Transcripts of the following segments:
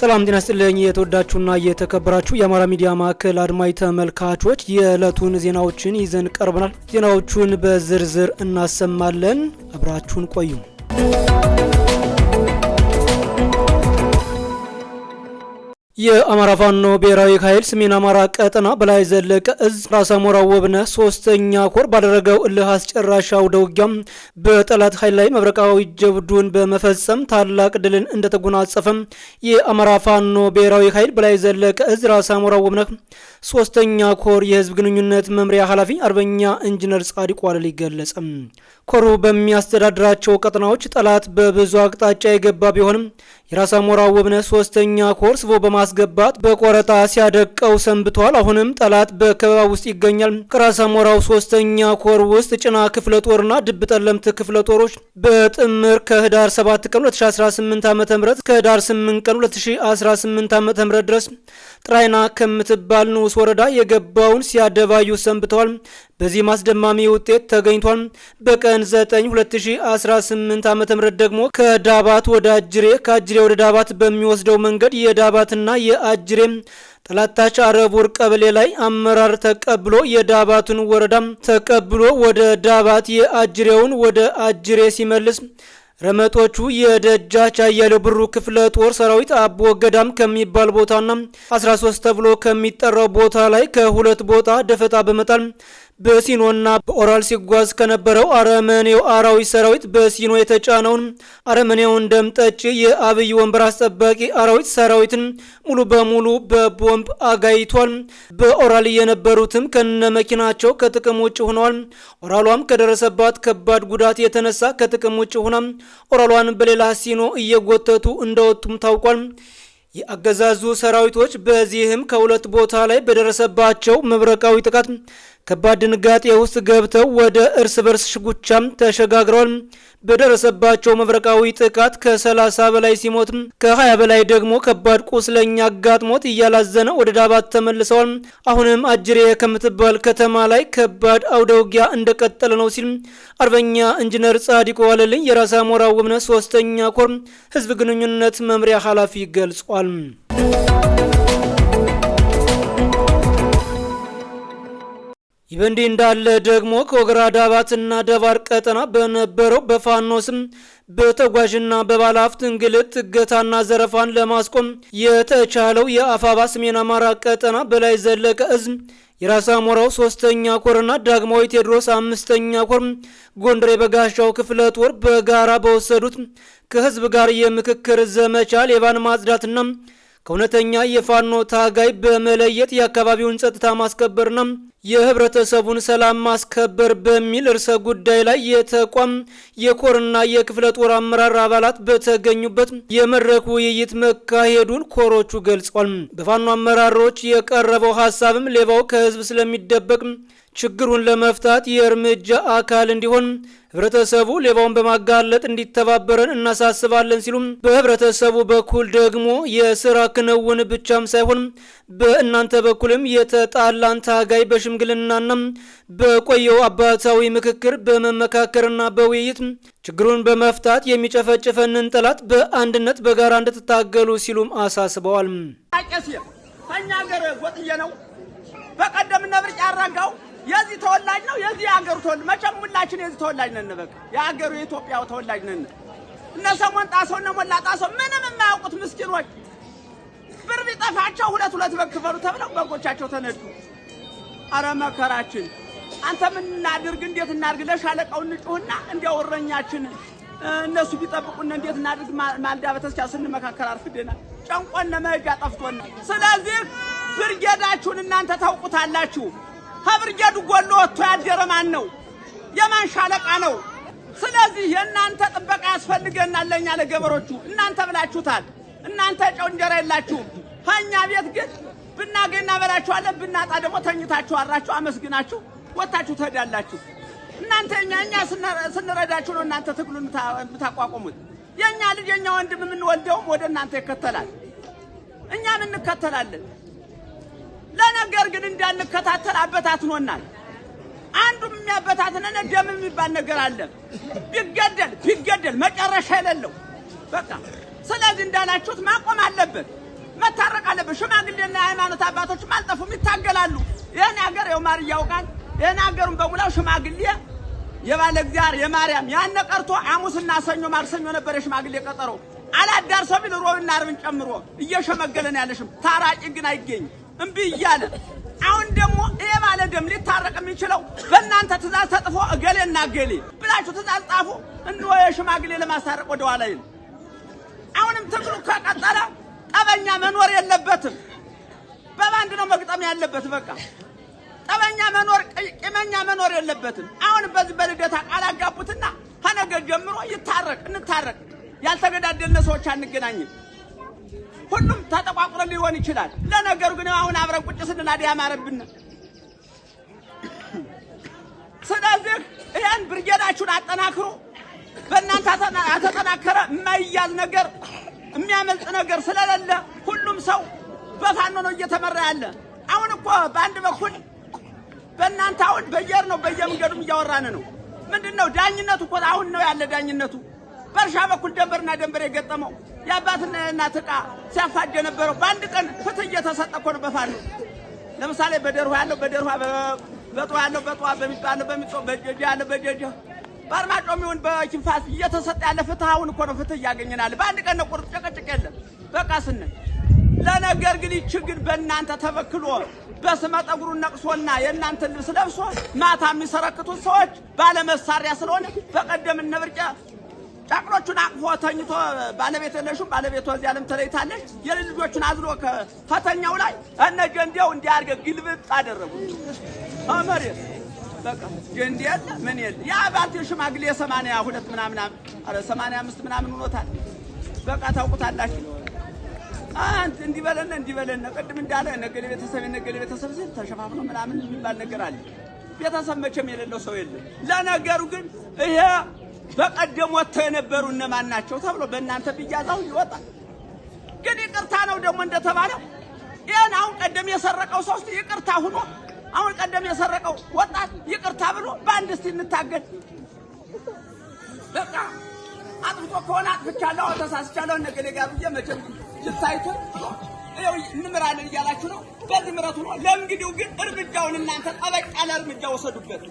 ሰላም ጤና ስጥልኝ። የተወዳችሁና የተከበራችሁ የአማራ ሚዲያ ማዕከል አድማጭ ተመልካቾች የዕለቱን ዜናዎችን ይዘን ቀርበናል። ዜናዎቹን በዝርዝር እናሰማለን። አብራችሁን ቆዩ። የአማራ ፋኖ ብሔራዊ ኃይል ሰሜን አማራ ቀጠና በላይ ዘለቀ እዝ ራሳ ሞራ ወብነ ሶስተኛ ኮር ባደረገው እልህ አስጨራሽ አውደ ውጊያም በጠላት ኃይል ላይ መብረቃዊ ጀብዱን በመፈጸም ታላቅ ድልን እንደተጎናጸፈም የአማራ ፋኖ ብሔራዊ ኃይል በላይ ዘለቀ እዝ ራሳ ሞራ ወብነ ሶስተኛ ኮር የህዝብ ግንኙነት መምሪያ ኃላፊ አርበኛ ኢንጂነር ጻዲቁ አለል ይገለጸም ኮሩ በሚያስተዳድራቸው ቀጠናዎች ጠላት በብዙ አቅጣጫ የገባ ቢሆንም የራስ አሞራ ውብነ ሶስተኛ ኮር ስቦ በማስገባት በቆረጣ ሲያደቀው ሰንብቷል። አሁንም ጠላት በከበባ ውስጥ ይገኛል። ከራስ አሞራው ሶስተኛ ኮር ውስጥ ጭና ክፍለ ጦርና ድብ ጠለምት ክፍለ ጦሮች በጥምር ከህዳር 7 ቀን 2018 ዓ ም ከህዳር 8 ቀን 2018 ዓ ም ድረስ ጥራይና ከምትባል ንዑስ ወረዳ የገባውን ሲያደባዩ ሰንብተዋል። በዚህ ማስደማሚ ውጤት ተገኝቷል። በቀን 9 2018 ዓ ም ደግሞ ከዳባት ወደ አጅሬ ከአጅሬ ወደ ዳባት በሚወስደው መንገድ የዳባትና የአጅሬ ጠላታች አረቡር ቀበሌ ላይ አመራር ተቀብሎ የዳባቱን ወረዳ ተቀብሎ ወደ ዳባት የአጅሬውን ወደ አጅሬ ሲመልስ ረመጦቹ የደጃች አያሌው ብሩ ክፍለ ጦር ሰራዊት አቦ ገዳም ከሚባል ቦታና 13 ተብሎ ከሚጠራው ቦታ ላይ ከሁለት ቦታ ደፈጣ በመጣል በሲኖና በኦራል ሲጓዝ ከነበረው አረመኔው አራዊ ሰራዊት በሲኖ የተጫነውን አረመኔውን ደምጠጭ የአብይ ወንበር አስጠባቂ አራዊት ሰራዊትን ሙሉ በሙሉ በቦምብ አጋይቷል። በኦራል የነበሩትም ከነ መኪናቸው ከጥቅም ውጭ ሆነዋል። ኦራሏም ከደረሰባት ከባድ ጉዳት የተነሳ ከጥቅም ውጭ ሆና ኦራሏን በሌላ ሲኖ እየጎተቱ እንደወጡም ታውቋል። የአገዛዙ ሰራዊቶች በዚህም ከሁለት ቦታ ላይ በደረሰባቸው መብረቃዊ ጥቃት ከባድ ድንጋጤ ውስጥ ገብተው ወደ እርስ በርስ ሽጉቻም ተሸጋግረዋል። በደረሰባቸው መብረቃዊ ጥቃት ከ30 በላይ ሲሞት ከ20 በላይ ደግሞ ከባድ ቁስለኛ አጋጥሞት እያላዘነ ወደ ዳባት ተመልሰዋል። አሁንም አጅሬ ከምትባል ከተማ ላይ ከባድ አውደውጊያ እንደቀጠለ ነው ሲል አርበኛ ኢንጂነር ጻዲቁ ዋለልኝ የራሳ ሞራ ውብነት ሶስተኛ ኮር ህዝብ ግንኙነት መምሪያ ኃላፊ ገልጿል። ይህ በእንዲህ እንዳለ ደግሞ ከወገራ ዳባትና ደባር ቀጠና በነበረው በፋኖ ስም በተጓዥና በባለሀብት እንግልት እገታና ዘረፋን ለማስቆም የተቻለው የአፋባ ሰሜን አማራ ቀጠና በላይ ዘለቀ እዝም የራስ አሞራው ሶስተኛ ኮርና ዳግማዊ ቴዎድሮስ አምስተኛ ኮር ጎንደር የበጋሻው ክፍለ ጦር በጋራ በወሰዱት ከህዝብ ጋር የምክክር ዘመቻ ሌባን ማጽዳትና ከእውነተኛ የፋኖ ታጋይ በመለየት የአካባቢውን ጸጥታ ማስከበርና የህብረተሰቡን ሰላም ማስከበር በሚል ርዕሰ ጉዳይ ላይ የተቋም የኮርና የክፍለ ጦር አመራር አባላት በተገኙበት የመድረክ ውይይት መካሄዱን ኮሮቹ ገልጿል። በፋኖ አመራሮች የቀረበው ሀሳብም ሌባው ከህዝብ ስለሚደበቅ ችግሩን ለመፍታት የእርምጃ አካል እንዲሆን ህብረተሰቡ ሌባውን በማጋለጥ እንዲተባበረን እናሳስባለን ሲሉም በህብረተሰቡ በኩል ደግሞ የስራ ክንውን ብቻም ሳይሆን በእናንተ በኩልም የተጣላን ታጋይ በሽምግልናና በቆየው አባታዊ ምክክር በመመካከርና በውይይት ችግሩን በመፍታት የሚጨፈጭፈንን ጠላት በአንድነት በጋራ እንድትታገሉ ሲሉም አሳስበዋል። ከኛ ሀገር ወጥዬ ነው። በቀደም እነ ብርቅ የዚህ ተወላጅ ነው። የዚህ ሀገሩ ተወላጅ መቼም ሁላችን የዚህ ተወላጅ ነን። በቃ የሀገሩ የኢትዮጵያ ተወላጅ ነን። እነ ሰሞን ጣሰው እነ ሞላ ጣሰው ምንም የማያውቁት ምስኪኖች ብር ቢጠፋቸው ሁለት ሁለት በክፈሉ ተብለው በጎቻቸው ተነዱ። አረ መከራችን! አንተ ምን እናድርግ እንዴት እናድርግ? ለሻለቃው እንጩህና እንዲያው እረኛችን እነሱ ቢጠብቁን እንዴት እናድርግ? ማልዳ በተስቻ ስንመካከል አርፍደናል። ጨንቆን መሄጃ ጠፍቶን፣ ስለዚህ ብርጌዳችሁን እናንተ ታውቁታላችሁ። ከብርጌዱ ጎሎ ወጥቶ ያደረ ማን ነው? የማን ሻለቃ ነው? ስለዚህ የእናንተ ጥበቃ ያስፈልገናል። ለእኛ ለገበሮቹ እናንተ ብላችሁታል። እናንተ ጨው እንጀራ የላችሁም። ከእኛ ቤት ግን ብናገኝ እናበላችኋለን፣ ብናጣ ደግሞ ተኝታችሁ አድራችሁ አመስግናችሁ ወታችሁ ትሄዳላችሁ። እናንተ እኛ እኛ ስንረዳችሁ ነው እናንተ ትግሉን የምታቋቁሙት። የእኛ ልጅ የእኛ ወንድም የምንወልደውም ወደ እናንተ ይከተላል፣ እኛም እንከተላለን። ለነገር ግን እንዳንከታተል አበታትኖናል። አንዱም የሚያበታትነን ደም የሚባል ነገር አለ። ቢገደል ቢገደል መጨረሻ የሌለው በቃ ስለዚህ እንዳላችሁት ማቆም አለበት፣ መታረቅ አለበት። ሽማግሌና የሃይማኖት አባቶችም አልጠፉም፣ ይታገላሉ። ይህን ሀገር የው ማር እያውቃል። ይህን ሀገሩን በሙላው ሽማግሌ የባለ እግዚአብሔር የማርያም ያነ ቀርቶ ሐሙስና ሰኞ ማክሰኞ ነበር የሽማግሌ ቀጠሮ። አላዳርሶ ቢል ሮብና አርብን ጨምሮ እየሸመገለን ያለሽም። ታራቂ ግን አይገኝ እምቢ እያለ አሁን ደግሞ ይሄ ባለ ደም ሊታረቅ የሚችለው በእናንተ ትእዛዝ ተጥፎ እገሌና እገሌ ብላችሁ ትእዛዝ ጻፉ እንወ የሽማግሌ ለማስታረቅ ወደኋላ ይል አሁንም ትግሉ ከቀጠለ ጠበኛ መኖር የለበትም። በባንድ ነው መግጠም ያለበት። በቃ ጠበኛ መኖር ቂመኛ መኖር የለበትም። አሁንም በዚህ በልደታ ቃል አጋቡትና ከነገ ጀምሮ ይታረቅ፣ እንታረቅ። ያልተገዳደልነ ሰዎች አንገናኝም። ሁሉም ተጠቋቁረ ሊሆን ይችላል። ለነገሩ ግን አሁን አብረን ቁጭ ስንላድ ያማረብን። ስለዚህ ይህን ብርጌዳችሁን አጠናክሩ። በእናንተ አተጠናከረ የማይያዝ ነገር የሚያመልጥ ነገር ስለሌለ ሁሉም ሰው በፋኖ ነው እየተመራ ያለ። አሁን እኮ በአንድ በኩል በእናንተ አሁን በየር ነው በየመንገዱም እያወራን ነው። ምንድን ነው ዳኝነቱ እኮ አሁን ነው ያለ ዳኝነቱ። በእርሻ በኩል ደንበርና ደንበር የገጠመው የአባትና እናት ዕቃ ሲያፋድ የነበረው በአንድ ቀን ፍትህ እየተሰጠ እኮ ነው በፋኖ። ለምሳሌ በደርሁ ያለው በደርሁ በጠዋ ያለው በጠዋ በሚባለው በሚጾ በጀጃ ያለው በጀጃ በአርማጮም ይሁን በኪንፋስ እየተሰጠ ያለ ፍትህ እኮ ነው ፍትህ እያገኘናል። በአንድ ቀን ነው ቁርጥ ጭቅጭቅ የለም በቃ ስንል ለነገር ግን ይቺ ግን በእናንተ ተበክሎ በስመ ጠጉሩን ነቅሶና የእናንተን ልብስ ለብሶ ማታ የሚሰረክቱት ሰዎች ባለመሳሪያ ስለሆነ በቀደም እነ ብርጫ አቅፎ ተኝቶ ባለቤት የለሽም፣ ባለቤቷ እዚህ ዓለም ተለይታለች። የልጆቹን አዝሎ ከፈተኛው ላይ እነጀ እንዲያው እንዲያርገ ግልብጥ አደረጉ መሬት በቃ ገንድ የለ ምን የለ ያ አባቴ ሽማግሌ የሰማንያ ሁለት ምናምን አረ ሰማንያ አምስት ምናምን ሆኖታል። በቃ ታውቁታላችሁ። አንተ እንዲህ በለነ እንዲህ በለነ ቅድም እንዳለ ነገሌ ቤተሰብ ነገሌ ቤተሰብ ሲል ተሸፋፍኖ ምናምን የሚባል ነገር አለ። ቤተሰብ መቼም የሌለው ሰው የለም። ለነገሩ ግን ይሄ በቀደም ወጥተው የነበሩ እነማን ናቸው ተብሎ በእናንተ ቢያዛው ይወጣል። ግን ይቅርታ ነው ደግሞ እንደተባለው ይህን አሁን ቀደም የሰረቀው ሰው ይቅርታ ሁኖ አሁን ቀደም የሰረቀው ወጣት ይቅርታ ብሎ በአንድ እስቲ እንታገድ። በቃ አጥፍቶ ከሆነ አጥብቻለሁ፣ ተሳስቻለሁ እነገሌ ጋር ብዬ መቼም ልታይቱ እንምራለን እያላችሁ ነው። በዚህ ምረቱ ነው። ለእንግዲው ግን እርምጃውን እናንተ ጠበቅ ያለ እርምጃ ወሰዱበት።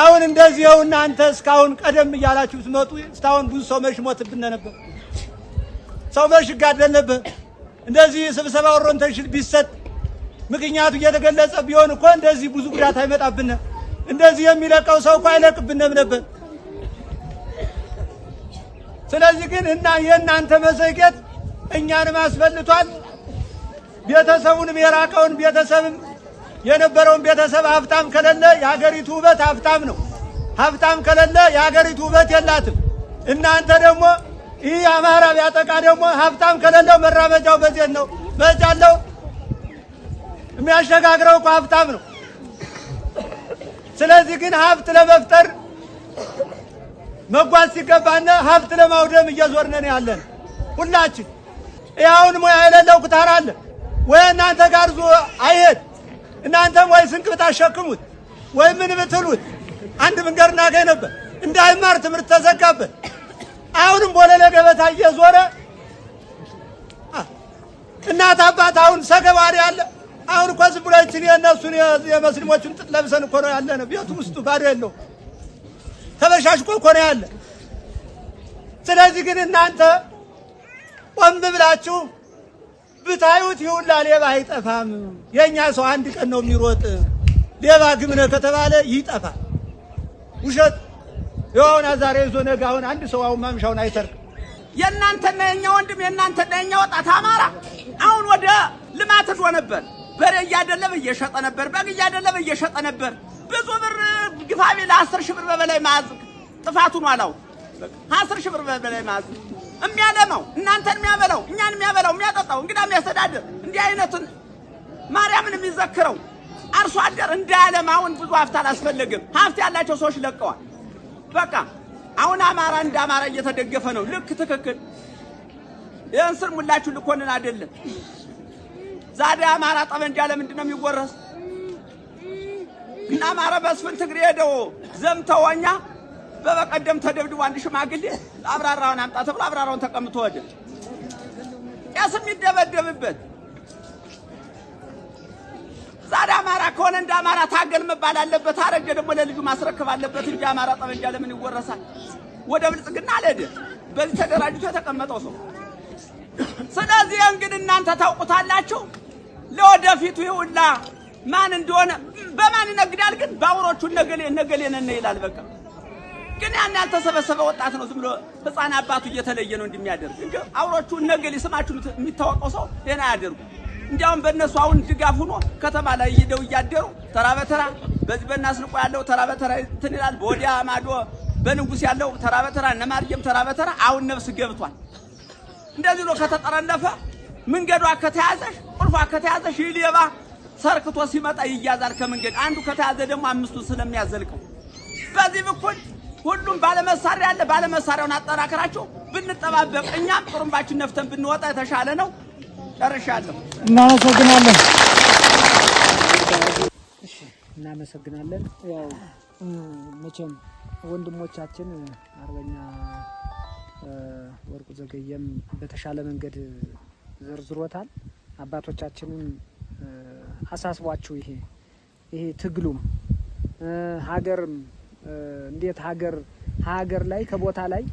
አሁን እንደዚህ ው እናንተ እስካሁን ቀደም እያላችሁ ስትመጡ እስካሁን ብዙ ሰው መሽ ሞትብን ነበር፣ ሰው መሽ ይጋደል ነበር። እንደዚህ ስብሰባ ወሮንተሽል ቢሰጥ ምክንያቱ እየተገለጸ ቢሆን እኮ እንደዚህ ብዙ ጉዳት አይመጣብን። እንደዚህ የሚለቀው ሰው እኮ አይለቅብንም ነበር። ስለዚህ ግን እና የእናንተ መዘግየት እኛንም አስበልቷል ቤተሰቡንም የራቀውን ቤተሰብም የነበረውን ቤተሰብ ሀብታም ከሌለ የሀገሪቱ ውበት ሀብታም ነው። ሀብታም ከሌለ የሀገሪቱ ውበት የላትም። እናንተ ደግሞ ይህ አማራ ቢያጠቃ ደግሞ ሀብታም ከሌለው መራመጃው በዜት ነው መጃለው የሚያሸጋግረው እኮ ሀብታም ነው። ስለዚህ ግን ሀብት ለመፍጠር መጓዝ ሲገባና ሀብት ለማውደም እየዞርነን ያለን ሁላችን። ይኸውን ሙያ የሌለው ኩታር አለ ወይ እናንተ ጋር ዞ አይሄድ። እናንተም ወይ ስንቅ ብታሸክሙት ወይ ምን ብትሉት አንድ መንገድ እናገኝ ነበር። እንዳይማር ትምህርት ተዘጋበት። አሁንም ቦለለ ገበታ እየዞረ እናት አባት አሁን ሰገባሪ አለ አሁን እኮ ዝም ብላችን የእነሱን የመስሊሞቹን ጥጥ ለብሰን እኮ ነው ያለ ነው። ቤቱ ውስጡ ባዶ የለው ተበሻሽቆ እኮ ነው ያለ። ስለዚህ ግን እናንተ ቆም ብላችሁ ብታዩት ይሁላ ሌባ አይጠፋም። የእኛ ሰው አንድ ቀን ነው የሚሮጥ። ሌባ ግምነ ከተባለ ይጠፋል። ውሸት የሆነ ዛሬ ይዞ ነገ። አሁን አንድ ሰው አሁን ማምሻውን አይተርክም። የእናንተና የእኛ ወንድም የእናንተና የእኛ ወጣት አማራ አሁን ወደ ልማት ዶ ነበር በሬ እያደለበ እየሸጠ ነበር። በግ እያደለበ እየሸጠ ነበር። ብዙ ብር ግፋቢ ለአስር ሺህ ብር በበላይ መያዝ ነው አላው አስር ሺህ ብር በበላይ መያዝ የሚያለማው እናንተን የሚያበላው እኛን የሚያበላው የሚያጠጣው እንግዳ የሚያስተዳድር እንዲህ አይነቱን ማርያምን የሚዘክረው አርሶ አደር እንዳያለማ ብዙ ሀብት አላስፈለግም። ሀብት ያላቸው ሰዎች ለቀዋል። በቃ አሁን አማራ እንደ አማራ እየተደገፈ ነው። ልክ ትክክል። ይህን ስር ሙላችሁ ልኮንን አይደለም ዛሬ አማራ ጠመንጃ ለምንድን ነው የሚወረስ? እና አማራ በስፍን ትግሬ ሄደው ዘምተወኛ በበቀደም ተደብድቦ አንድ ሽማግሌ አብራራውን አምጣ ተብሎ አብራራውን ተቀምጦ ወደ ቄስ የሚደበደብበት ዛሬ አማራ ከሆነ እንደ አማራ ታገል መባል አለበት። አረጀ ደግሞ ለልጁ ማስረከብ አለበት እንጂ አማራ ጠመንጃ ለምን ይወረሳል? ወደ ብልጽግና አልሄደ። በዚህ ተደራጅቶ የተቀመጠው ሰው ስለዚህ እንግዲህ እናንተ ታውቁታላችሁ። ለወደፊቱ ይውላ ማን እንደሆነ በማን ይነግዳል ግን በአውሮቹ ነገሌ ነገሌ ነን ይላል። በቃ ግን ያን ያልተሰበሰበ ወጣት ነው ዝም ብሎ ህፃን አባቱ እየተለየ ነው እንደሚያደርግ አውሮቹ ነገሌ ስማችሁ የሚታወቀው ሰው ሌላ ያደርጉ እንዲያውም በእነሱ አሁን ድጋፍ ሆኖ ከተማ ላይ ይደው እያደሩ ተራ በተራ በዚህ በእናስንቆ ያለው ተራ በተራ እንትን ይላል። በወዲያ ማዶ በንጉስ ያለው ተራ በተራ እነ ማርየም ተራ በተራ አሁን ነፍስ ገብቷል። እንደዚህ ነው ከተጠረለፈ መንገዷ ከተያዘሽ ቁልፏ ከተያዘሽ ይህ ሰርክቶ ሲመጣ ይያዛል ከመንገድ አንዱ ከተያዘ ደግሞ አምስቱ ስለሚያዘልቀው በዚህ በኩል ሁሉም ባለመሳሪያ አለ ባለመሳሪያውን አጠናክራችሁ ብንጠባበቅ እኛም ጥሩምባችን ነፍተን ብንወጣ የተሻለ ነው ጨርሻለሁ እናመሰግናለን እናመሰግናለን ያው መቼም ወንድሞቻችን አርበኛ ወርቁ ዘገየም በተሻለ መንገድ ዘርዝሮታል። አባቶቻችንም አሳስቧችሁ ይሄ ይሄ ትግሉም ሀገርም እንዴት ሀገር ሀገር ላይ ከቦታ ላይ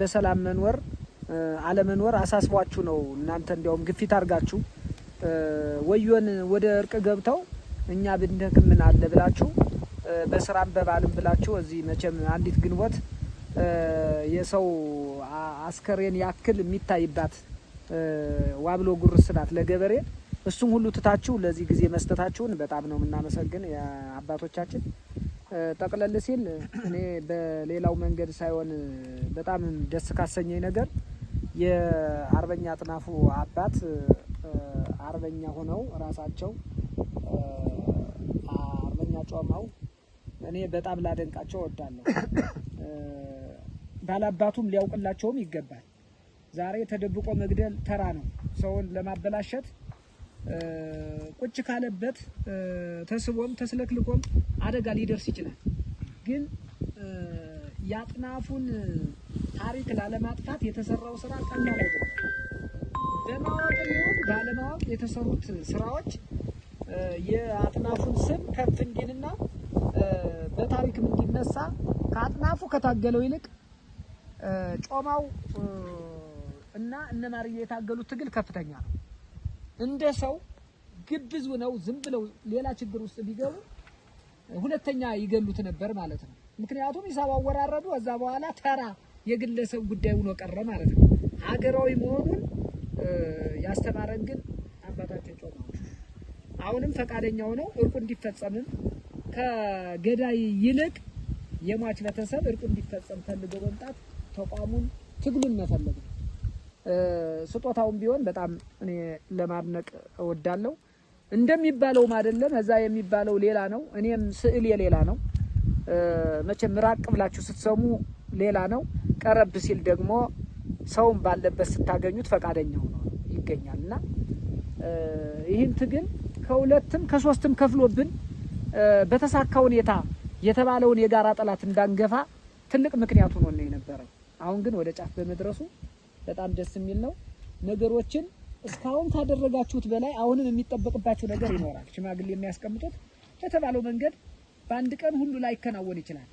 በሰላም መኖር አለመኖር አሳስቧችሁ ነው። እናንተ እንዲያውም ግፊት አድርጋችሁ ወዮን ወደ እርቅ ገብተው እኛ ብንደክምን አለ ብላችሁ በስራም በባልም ብላችሁ እዚህ መቼም አንዲት ግንቦት የሰው አስከሬን ያክል የሚታይባት ዋብሎ ጉር ስላት ለገበሬ እሱም ሁሉ ትታችሁ ለዚህ ጊዜ መስጠታችሁን በጣም ነው የምናመሰግን አባቶቻችን። ጠቅለል ሲል እኔ በሌላው መንገድ ሳይሆን በጣም ደስ ካሰኘኝ ነገር የአርበኛ አጥናፉ አባት አርበኛ ሆነው ራሳቸው አርበኛ ጮማው እኔ በጣም ላደንቃቸው እወዳለሁ። ባላባቱም ሊያውቅላቸውም ይገባል። ዛሬ ተደብቆ መግደል ተራ ነው። ሰውን ለማበላሸት ቁጭ ካለበት ተስቦም ተስለክልቆም አደጋ ሊደርስ ይችላል። ግን የአጥናፉን ታሪክ ላለማጥፋት የተሰራው ስራ ቀላል በማወቅ ይሁን ባለማወቅ የተሰሩት ስራዎች የአጥናፉን ስም ከፍ እንዲልና በታሪክም እንዲነሳ ከአጥናፉ ከታገለው ይልቅ ጮማው እና እነ ማርዬ የታገሉት ትግል ከፍተኛ ነው። እንደ ሰው ግብዝ ሆነው ዝም ብለው ሌላ ችግር ውስጥ ቢገቡ ሁለተኛ ይገሉት ነበር ማለት ነው። ምክንያቱም ሂሳብ አወራረዱ ከዛ በኋላ ተራ የግለሰብ ጉዳይ ሆኖ ቀረ ማለት ነው። ሀገራዊ መሆኑን ያስተማረን ግን አባታችን ጮማ አሁንም ፈቃደኛ ሆነው እርቁ እንዲፈጸምም ከገዳይ ይልቅ የሟች ቤተሰብ እርቁ እንዲፈጸም ፈልገው መምጣት ተቋሙን ትግሉን መፈለግ ስጦታውም ቢሆን በጣም እኔ ለማድነቅ እወዳለሁ። እንደሚባለውም አይደለም፣ እዛ የሚባለው ሌላ ነው። እኔም ስዕል የሌላ ነው። መቼም ራቅ ብላችሁ ስትሰሙ ሌላ ነው፣ ቀረብ ሲል ደግሞ ሰውም ባለበት ስታገኙት ፈቃደኛ ሆኖ ይገኛል እና ይህን ትግል ከሁለትም ከሶስትም ከፍሎብን በተሳካ ሁኔታ የተባለውን የጋራ ጠላት እንዳንገፋ ትልቅ ምክንያት ሆኖ ነው የነበረው። አሁን ግን ወደ ጫፍ በመድረሱ በጣም ደስ የሚል ነው። ነገሮችን እስካሁን ካደረጋችሁት በላይ አሁንም የሚጠበቅባቸው ነገር ይኖራል። ሽማግሌ የሚያስቀምጡት በተባለው መንገድ በአንድ ቀን ሁሉ ላይከናወን ይችላል።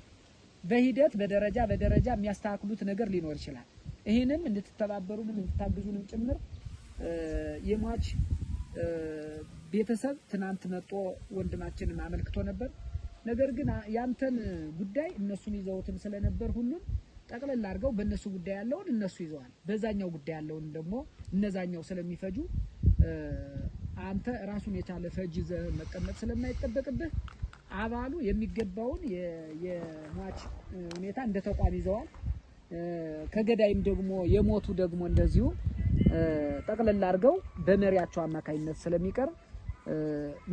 በሂደት በደረጃ በደረጃ የሚያስተካክሉት ነገር ሊኖር ይችላል። ይህንም እንድትተባበሩንም እንድታግዙንም ጭምር የሟች ቤተሰብ ትናንት መጦ ወንድማችን አመልክቶ ነበር። ነገር ግን ያንተን ጉዳይ እነሱን ይዘውትም ስለነበር ሁሉም ጠቅለል አድርገው በእነሱ ጉዳይ ያለውን እነሱ ይዘዋል። በዛኛው ጉዳይ ያለውን ደግሞ እነዛኛው ስለሚፈጁ አንተ ራሱን የቻለ ፈጅ ይዘህ መቀመጥ ስለማይጠበቅብህ አባሉ የሚገባውን የሟች ሁኔታ እንደ ተቋም ይዘዋል። ከገዳይም ደግሞ የሞቱ ደግሞ እንደዚሁ ጠቅለል አድርገው በመሪያቸው አማካኝነት ስለሚቀርብ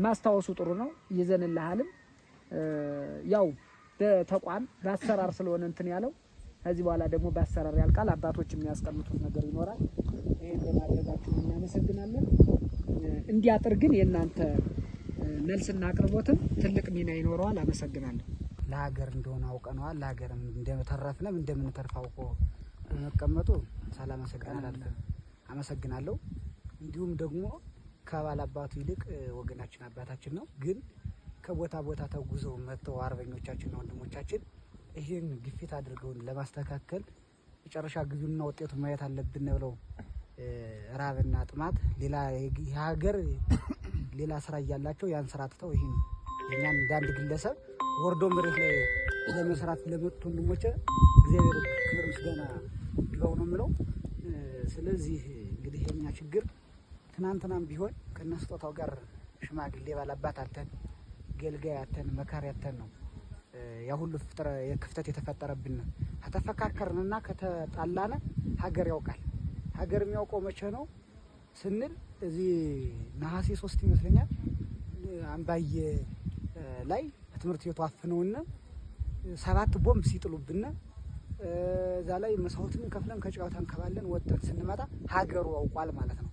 ማስታወሱ ጥሩ ነው። ይዘንልሃልም ያው በተቋም በአሰራር ስለሆነ እንትን ያለው ከዚህ በኋላ ደግሞ በአሰራር ያልቃል። አባቶች የሚያስቀምጡት ነገር ይኖራል። ይህን በማድረጋችሁ እናመሰግናለን። እንዲያጥር ግን የእናንተ መልስና አቅርቦትም ትልቅ ሚና ይኖረዋል። አመሰግናለሁ። ለሀገር እንደሆነ አውቀነዋል። ለሀገር እንደተረፍነም እንደምንተርፍ አውቆ በመቀመጡ ሰላም አመሰግናለሁ። አመሰግናለሁ። እንዲሁም ደግሞ ከባል አባቱ ይልቅ ወገናችን አባታችን ነው። ግን ከቦታ ቦታ ተጉዞ መጥተው አርበኞቻችን ወንድሞቻችን ይህን ግፊት አድርገውን ለማስተካከል መጨረሻ ጊዜውንና ውጤቱ ማየት አለብን ብለው ራብና ጥማት ሌላ የሀገር ሌላ ስራ እያላቸው ያን ስራ ትተው ይህን እኛን እንዳንድ ግለሰብ ወርዶ መሬት ላይ ለመስራት ለመጡት ወንድሞቼ እግዚአብሔር ክብር ምስጋና ይግባው ነው የምለው። ስለዚህ እንግዲህ የኛ ችግር ትናንትናም ቢሆን ከነስጦታው ጋር ሽማግሌ ባላባት አተን ገልጋይ አተን መካሪ አተን ነው። ያ ሁሉ ፍጥረ የክፍተት የተፈጠረብን ከተፈካከርንና ከተጣላነ ሀገር ያውቃል። ሀገር የሚያውቀው መቼ ነው ስንል እዚህ ነሐሴ ሶስት ይመስለኛል አምባዬ ላይ ትምህርት ቤቱ ሰባት ቦምብ ሲጥሉብን እዛ ላይ መስዋዕትን ከፍለን ከጨዋታ እንከባለን ወጥተን ስንመጣ ሀገሩ ያውቋል ማለት ነው።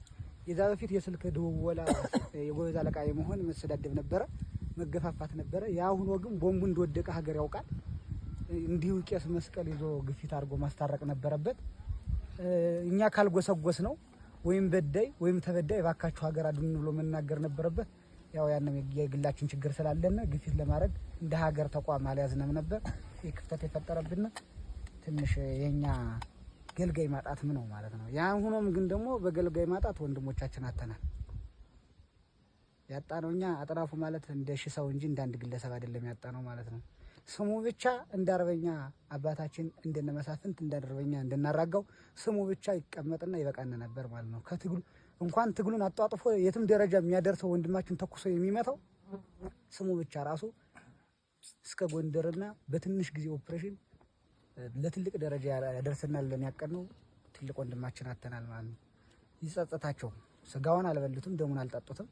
የዛ በፊት የስልክ ድውወላ የጎበዝ አለቃ የመሆን መሰዳደብ ነበረ። መገፋፋት ነበረ። ያ ሁኖ ግን ቦምቡ እንደወደቀ ሀገር ያውቃል። እንዲሁ ቄስ መስቀል ይዞ ግፊት አድርጎ ማስታረቅ ነበረበት። እኛ ካልጎሰጎስ ነው ወይም በዳይ ወይም ተበዳይ ባካችሁ ሀገር አድኑ ብሎ መናገር ነበረበት። ያው ያንም የግላችን ችግር ስላለና ግፊት ለማድረግ እንደ ሀገር ተቋም አልያዝንም ነበር። ይህ ክፍተት የፈጠረብን ትንሽ የኛ ገልጋይ ማጣትም ነው ማለት ነው። ያ ሁኖም ግን ደግሞ በገልጋይ ማጣት ወንድሞቻችን አተናል። ያጣነው እኛ አጥናፉ ማለት እንደ ሺ ሰው እንጂ እንደ አንድ ግለሰብ አይደለም ያጣነው ማለት ነው። ስሙ ብቻ እንደ አርበኛ አባታችን እንደነመሳፍንት እንደ አርበኛ እንደናራጋው ስሙ ብቻ ይቀመጥና ይበቃን ነበር ማለት ነው። ከትግሉ እንኳን ትግሉን አጧጥፎ የትም ደረጃ የሚያደርሰው ወንድማችን ተኩሶ የሚመታው ስሙ ብቻ ራሱ እስከ ጎንደርና በትንሽ ጊዜ ኦፕሬሽን ለትልቅ ደረጃ ያደርስናል ብለን ያቀድነው ትልቅ ወንድማችን አተናል ማለት ነው። ይጸጸታቸው ስጋውን አልበሉትም፣ ደሙን አልጠጡትም።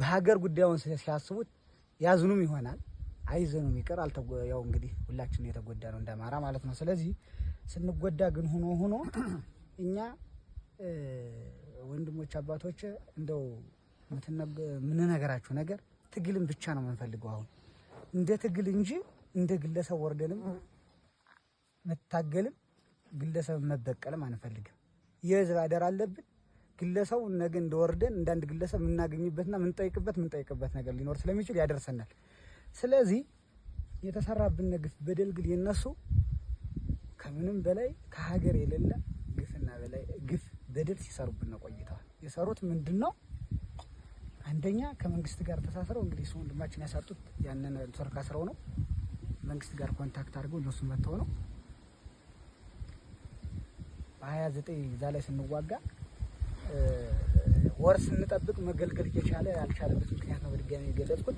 በሀገር ጉዳዩን ሲያስቡት ያዝኑም ይሆናል አይዘኑም ይቅር ያው እንግዲህ ሁላችን የተጎዳ ነው እንደአማራ ማለት ነው። ስለዚህ ስንጎዳ ግን ሆኖ ሆኖ እኛ ወንድሞች አባቶች እንደው ምንነገራችሁ ነገር ትግልን ብቻ ነው የምንፈልገው። አሁን እንደ ትግል እንጂ እንደ ግለሰብ ወርደንም መታገልም ግለሰብ መበቀልም አንፈልግም። የህዝብ አደራ አለብን። ግለሰቡ ነገ እንደወርደን እንዳንድ ግለሰብ የምናገኝበትና የምንጠይቅበት ምንጠይቅበት ነገር ሊኖር ስለሚችል ያደርሰናል። ስለዚህ የተሰራብን ግፍ በደል ግን የነሱ ከምንም በላይ ከሀገር የሌለ ግፍና በላይ ግፍ በደል ሲሰሩብን ነው ቆይተዋል። የሰሩት ምንድን ነው? አንደኛ ከመንግስት ጋር ተሳስረው እንግዲህ እሱ ወንድማችን ያሳጡት ያንን ሰርካ ስረው ነው። መንግስት ጋር ኮንታክት አድርገው እነሱ መጥተው ነው በሀያ ዘጠኝ እዛ ላይ ስንዋጋ ወር ስንጠብቅ መገልገል እየቻለ ያልቻለበት ምክንያት ነው በድጋሚ የገለጽኩት።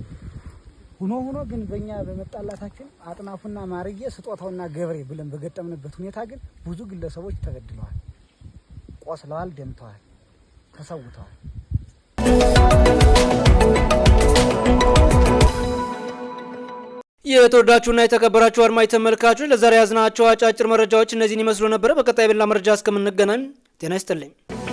ሁኖ ሁኖ ግን በእኛ በመጣላታችን አጥናፉና ማርዬ ስጦታውና ገብሬ ብለን በገጠምንበት ሁኔታ ግን ብዙ ግለሰቦች ተገድለዋል ቆስለዋል፣ ደምተዋል፣ ተሰውተዋል። የተወዳችሁና የተከበራችሁ አድማጭ ተመልካቾች ለዛሬ ያዝናቸው አጫጭር መረጃዎች እነዚህን ይመስሉ ነበረ። በቀጣይ በሌላ መረጃ እስከምንገናኝ ጤና ይስጥልኝ።